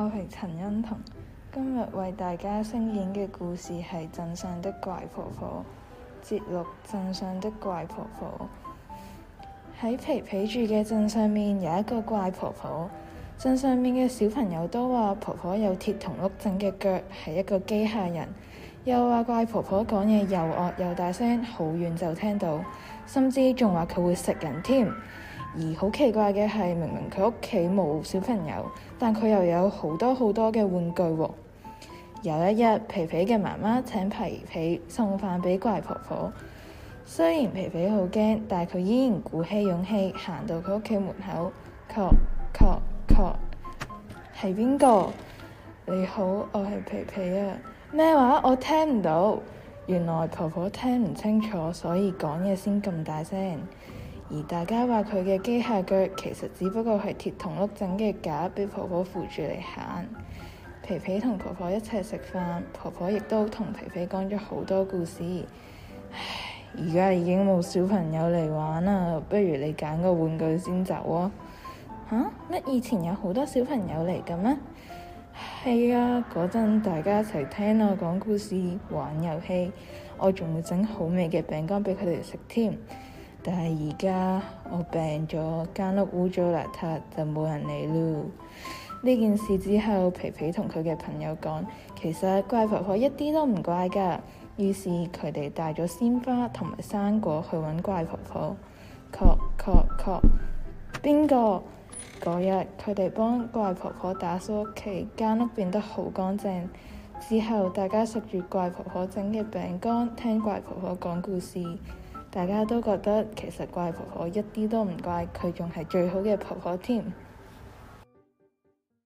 我係陳炘桐，今日為大家聲演嘅故事係《鎮上的怪婆婆》節錄《鎮上的怪婆婆》。喺皮皮住嘅鎮上面有一個怪婆婆，鎮上面嘅小朋友都話婆婆有鐵同碌鎮嘅腳，係一個機械人，又話怪婆婆講嘢又惡又大聲，好遠就聽到，甚至仲話佢會食人添。而好奇怪嘅係，明明佢屋企冇小朋友，但佢又有好多好多嘅玩具喎、哦。有一日，皮皮嘅媽媽請皮皮送飯俾怪婆婆。雖然皮皮好驚，但係佢依然鼓起勇氣行到佢屋企門口。確，確，確，係邊個？你好，我係皮皮啊。咩話？我聽唔到。原來婆婆聽唔清楚，所以講嘢先咁大聲。而大家話佢嘅機械腳其實只不過係鐵桶碌整嘅架，俾婆婆扶住嚟行。皮皮同婆婆一齊食飯，婆婆亦都同皮皮講咗好多故事。唉，而家已經冇小朋友嚟玩啦，不如你揀個玩具先走啊？嚇、啊？乜以前有好多小朋友嚟嘅咩？係啊，嗰陣大家一齊聽我講故事、玩遊戲，我仲會整好味嘅餅乾俾佢哋食添。但係而家我病咗，間屋污糟邋遢，就冇人理咯。呢件事之後，皮皮同佢嘅朋友講，其實怪婆婆一啲都唔怪噶。於是佢哋帶咗鮮花同埋生果去搵怪婆婆。確確確，邊個？嗰日，佢哋幫怪婆婆打掃屋企，間屋變得好乾淨。之後大家食住怪婆婆整嘅餅乾，聽怪婆婆講故事。大家都覺得其實怪婆婆一啲都唔怪，佢仲係最好嘅婆婆添。